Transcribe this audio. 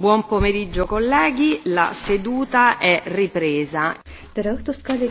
buon pomeriggio colleghi la seduta è ripresa tere õhtust kallid